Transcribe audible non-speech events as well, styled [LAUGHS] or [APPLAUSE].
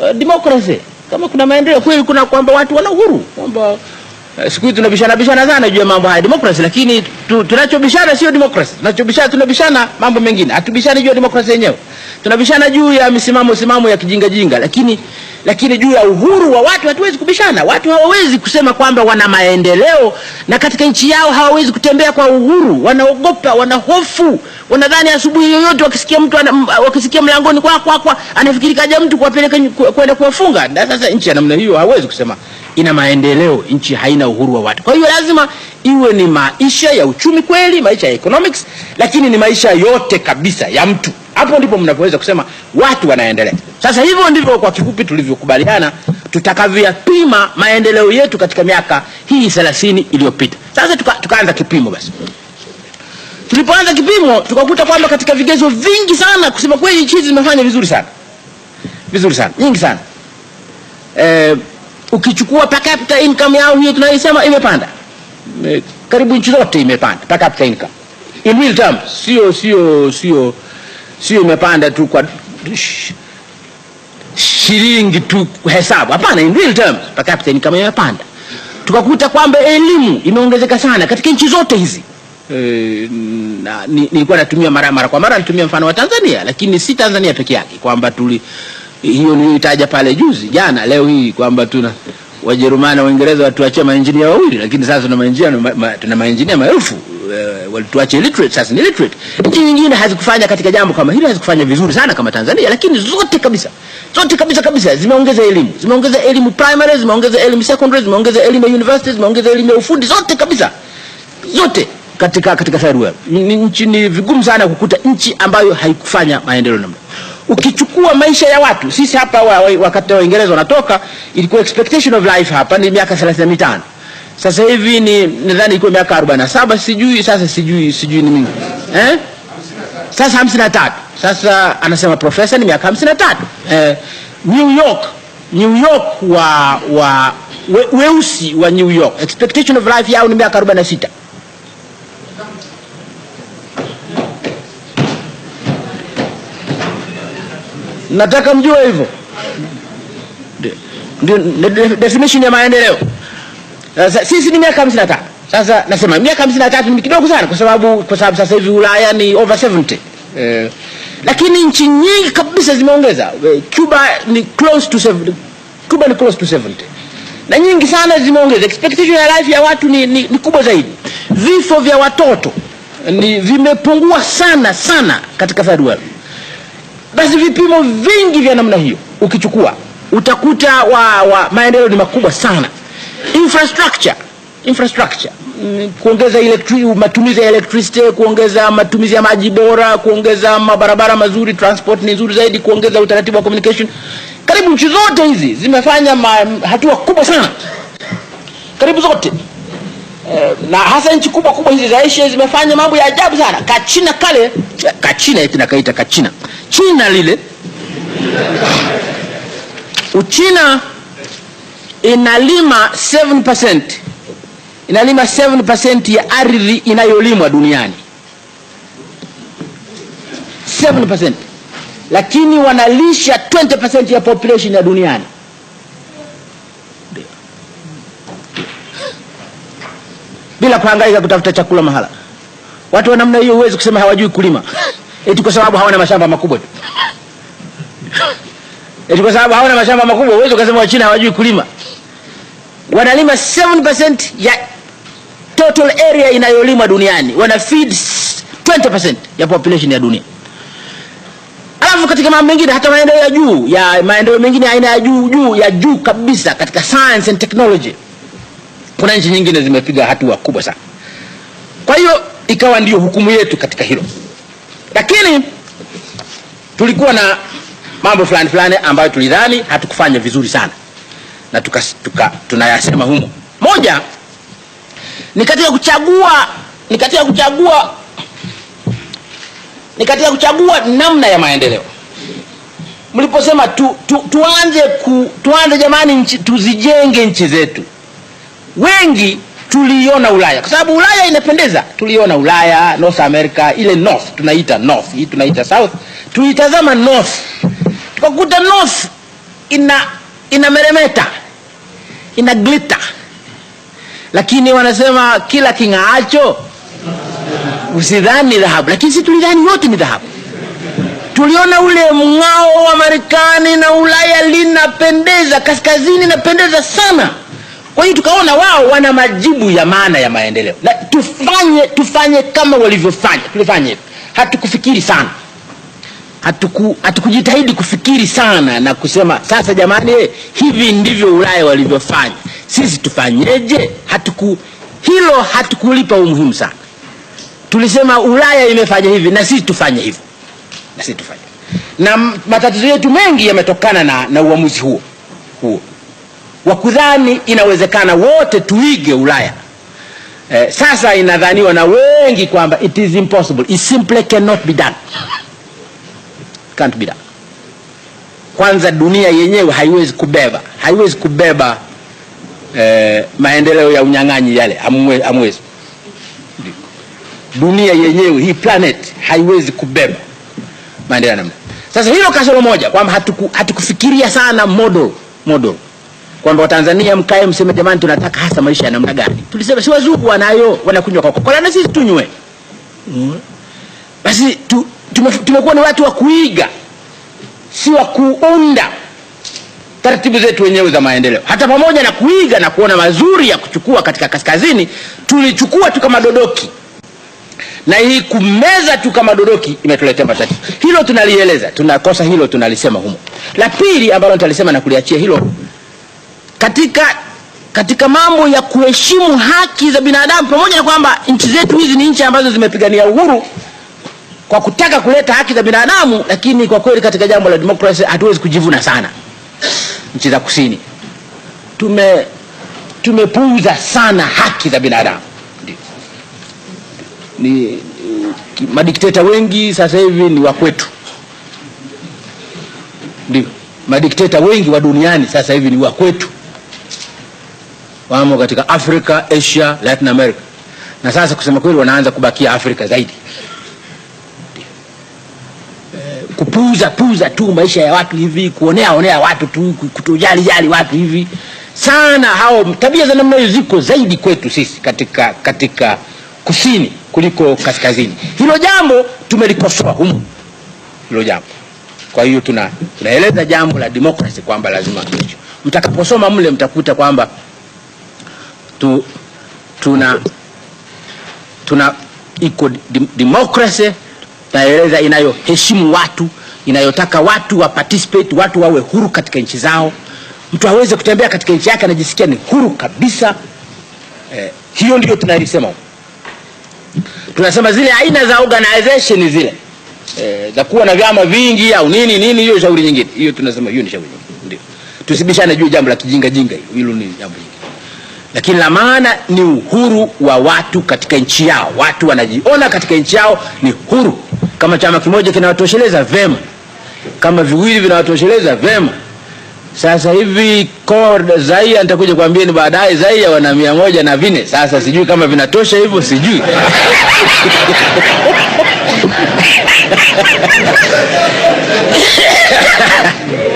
Eh, demokrasi kama kuna maendeleo kweli, kuna kwamba watu wana uhuru kwamba eh, siku hizi tunabishana bishana sana juu ya mambo haya demokrasi, lakini tu, tunachobishana sio demokrasi. Tunachobishana tunabishana mambo mengine, hatubishani juu ya demokrasi yenyewe. Tunabishana juu ya misimamo simamo ya kijinga jinga, lakini lakini juu ya uhuru wa watu hatuwezi kubishana. Watu hawawezi kusema kwamba wana maendeleo na katika nchi yao hawawezi kutembea kwa uhuru. Wanaogopa, wana hofu, wanadhani asubuhi yoyote wakisikia mtu wakisikia mlangoni kwa kwa kwa anafikiri kaja mtu kuwapeleka kwenda kuwafunga. Na sasa nchi ya namna hiyo hawezi kusema ina maendeleo. Nchi haina uhuru wa watu. Kwa hiyo lazima iwe ni maisha ya uchumi kweli, maisha ya economics, lakini ni maisha yote kabisa ya mtu. Hapo ndipo mnavyoweza kusema watu wanaendelea. Sasa hivyo ndivyo kwa kifupi tulivyokubaliana tutakavyopima maendeleo yetu katika miaka hii thelathini iliyopita. Sasa tuka, tukaanza kipimo basi. Tulipoanza kipimo tukakuta kwamba katika vigezo vingi sana, kusema kweli, nchi zimefanya vizuri sana, vizuri sana, nyingi sana e, ukichukua per capita income yao hiyo tunaisema imepanda e, karibu nchi zote imepanda per capita income in real terms, sio sio sio sio imepanda tu kwa shilingi tu hesabu. Hapana, in real terms per capita ni kama imepanda. Tukakuta kwamba elimu imeongezeka sana katika nchi zote hizi. na, nilikuwa natumia mara mara kwa mara nitumia mfano wa Tanzania, lakini si Tanzania peke yake kwamba tuli hiyo niliyotaja pale juzi jana, leo hii kwamba tuna Wajerumani na Waingereza watuachia mainjinia wawili, lakini sasa tuna maenjinia tuna maenjinia maelfu. Eh, walituache literate, sasa ni literate. Nchi nyingine hazikufanya katika jambo kama hilo, hazikufanya vizuri sana kama Tanzania, lakini zote kabisa, zote kabisa kabisa zimeongeza elimu, zimeongeza elimu primary, zimeongeza elimu secondary, zimeongeza elimu ya university, zimeongeza elimu ya ufundi, zote kabisa, zote katika katika third world. Ni Nchi ni vigumu sana kukuta nchi ambayo haikufanya maendeleo namna ukichukua maisha ya watu. Sisi hapa wa, wa wakati wa, Uingereza wanatoka, ilikuwa expectation of life hapa ni miaka 35 sasa hivi ni nadhani iko miaka 47 sijui, sasa sijui sijui ni mimi eh, sasa 53. Sasa anasema profesa ni miaka 53 eh, New York New York wa wa we, weusi wa New York expectation of life yao ni miaka 46. Nataka mjue hivyo, ndio definition ya maendeleo. Sasa eh, sisi ni miaka 55. Sasa nasema miaka 53 ni kidogo sana kwa sababu kwa sababu sasa hivi Ulaya ni over 70. Eh, lakini nchi nyingi kabisa zimeongeza. Eh, Cuba ni close to 70. Cuba ni close to 70. Na nyingi sana zimeongeza. Expectation ya life ya watu ni, ni, ni kubwa zaidi. Vifo vya watoto ni vimepungua sana sana katika third world. Basi vipimo vingi vya namna hiyo ukichukua utakuta wa, wa maendeleo ni makubwa sana infrastructure infrastructure kuongeza matumizi ya electricity, kuongeza matumizi ya maji bora, kuongeza mabarabara mazuri, transport ni nzuri zaidi, kuongeza utaratibu wa communication. Karibu nchi zote hizi zimefanya hatua kubwa sana, karibu zote eh, na hasa nchi kubwa kubwa hizi za Asia zimefanya mambo ya ajabu sana. Kachina kale, Kachina eti nakaita Kachina, China lile Uchina inalima 7% inalima 7% ya ardhi inayolimwa duniani 7%, lakini wanalisha 20% ya population ya duniani. Bila kuhangaika kutafuta chakula mahala. Watu wa namna hiyo huwezi kusema hawajui kulima eti kwa sababu hawana mashamba makubwa tu. Eti kwa sababu hawana mashamba makubwa huwezi kusema Wachina hawajui kulima wanalima 7% ya total area inayolima duniani, wana feed 20% ya population ya dunia. Alafu katika mambo mengine hata maendeleo ya juu ya maendeleo mengine aina ya juu juu ya juu kabisa katika science and technology, kuna nchi nyingine zimepiga hatua kubwa sana. Kwa hiyo ikawa ndiyo hukumu yetu katika hilo, lakini tulikuwa na mambo fulani fulani ambayo tulidhani hatukufanya vizuri sana na tuka, tuka, tunayasema humo. Moja ni katika kuchagua ni katika kuchagua ni katika kuchagua namna ya maendeleo. Mliposema tu, tu, tuanze ku, tuanze jamani, nchi, tuzijenge nchi zetu. Wengi tuliona Ulaya kwa sababu Ulaya inapendeza, tuliona Ulaya, North America, ile north tunaita north, hii tunaita south, tuitazama north, tukakuta north ina inameremeta ina glita, lakini wanasema kila king'aacho usidhani dhahabu, lakini si tulidhani wote ni dhahabu. Tuliona ule mng'ao wa Marekani na Ulaya linapendeza, kaskazini inapendeza sana. Kwa hiyo tukaona wao wana majibu ya maana ya maendeleo, na tufanye tufanye kama walivyofanya. Tulifanye hatukufikiri sana hatuku hatukujitahidi kufikiri sana na kusema sasa, jamani, eh, hivi ndivyo Ulaya walivyofanya, sisi tufanyeje? Hatuku hilo hatukulipa umuhimu sana. Tulisema Ulaya imefanya hivi na sisi tufanye hivyo, na sisi tufanye na matatizo yetu mengi yametokana na, na uamuzi huo huo wa kudhani inawezekana wote tuige Ulaya. Eh, sasa inadhaniwa na wengi kwamba it is impossible, it simply cannot be done can't be done. Kwanza dunia yenyewe haiwezi kubeba, haiwezi kubeba eh, maendeleo ya unyang'anyi yale, hamwezi. Dunia yenyewe hii planet haiwezi kubeba maendeleo namna. Sasa hilo kasoro moja kwamba hatuku, hatukufikiria sana model model kwamba Watanzania mkae mseme, jamani, tunataka hasa maisha ya namna gani? Tulisema si wazungu wanayo wanakunywa Coca-Cola na sisi tunywe, Mm. basi tu tumekuwa ni watu wa kuiga, si wa kuunda taratibu zetu wenyewe za maendeleo. Hata pamoja na kuiga na kuona mazuri ya kuchukua katika kaskazini, tulichukua tu kama dodoki, na hii kumeza tu kama dodoki imetuletea matatizo. Hilo tunalieleza, tunakosa hilo, tunalisema humo. La pili ambalo nitalisema na kuliachia hilo, katika katika mambo ya kuheshimu haki za binadamu, pamoja na kwamba nchi zetu hizi ni nchi ambazo zimepigania uhuru kwa kutaka kuleta haki za binadamu, lakini kwa kweli katika jambo la demokrasia hatuwezi kujivuna sana. Nchi za kusini tume tumepuuza sana haki za binadamu. Ni madikteta wengi sasa hivi ni wa kwetu, ndio madikteta wengi wa duniani sasa hivi ni wa kwetu, wamo katika Afrika, Asia, Latin America, na sasa kusema kweli wanaanza kubakia Afrika zaidi kupuuza puuza tu maisha ya watu hivi, kuonea onea watu tu, kutojali jali watu hivi sana. Hao tabia za namna hiyo ziko zaidi kwetu sisi katika katika kusini kuliko kaskazini. Hilo jambo tumelikosoa humu, hilo jambo. Kwa hiyo tuna tunaeleza jambo la demokrasi kwamba lazima hicho, mtakaposoma mle mtakuta kwamba tu, tuna tuna iko demokrasi naeleza inayoheshimu watu, inayotaka watu wa participate, watu wawe huru katika nchi zao, mtu aweze kutembea katika nchi yake anajisikia ni huru kabisa. Eh, hiyo ndio tunalisema. Tunasema zile aina za organization zile eh, za kuwa na vyama vingi au nini nini, hiyo shauri nyingine hiyo, tunasema hiyo ni shauri nyingine, ndio tusibishane juu jambo la kijinga jinga, hilo ni jambo lakini la maana ni uhuru wa watu katika nchi yao. Watu wanajiona katika nchi yao ni huru. Kama chama kimoja kinawatosheleza vema, kama viwili vinawatosheleza vema. Sasa hivi Zaia nitakuja kuambia ni baadaye, Zaia wana mia moja na vine. Sasa sijui kama vinatosha hivyo, sijui [LAUGHS]